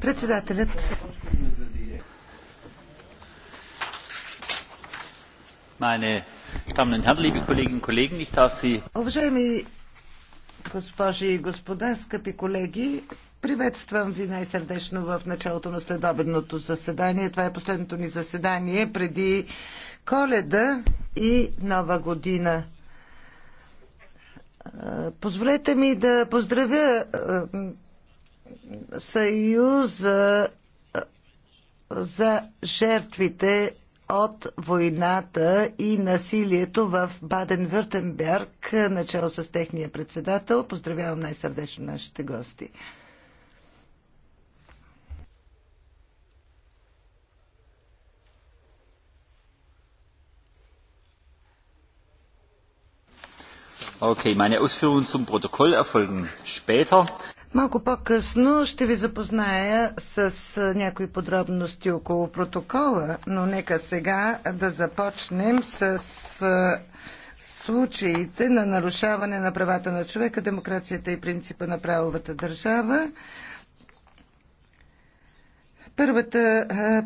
Председателят. Meine Damen und Herren, liebe Kolleginnen und Kollegen, ich darf Sie. Уважаеми госпожи и господа, скъпи колеги, приветствам ви най-сърдечно в началото на следобедното заседание. Това е последното ни заседание преди Коледа и Нова година. Позволете ми да поздравя Съюза за жертвите от войната и насилието в Баден-Вюртенберг, начало с техния председател. Поздравявам най-сърдечно нашите гости. Okay, meine Ausführungen zum Protokoll erfolgen später. Малко по-късно ще ви запозная с някои подробности около протокола, но нека сега да започнем с случаите на нарушаване на правата на човека, демокрацията и принципа на правовата държава. Първата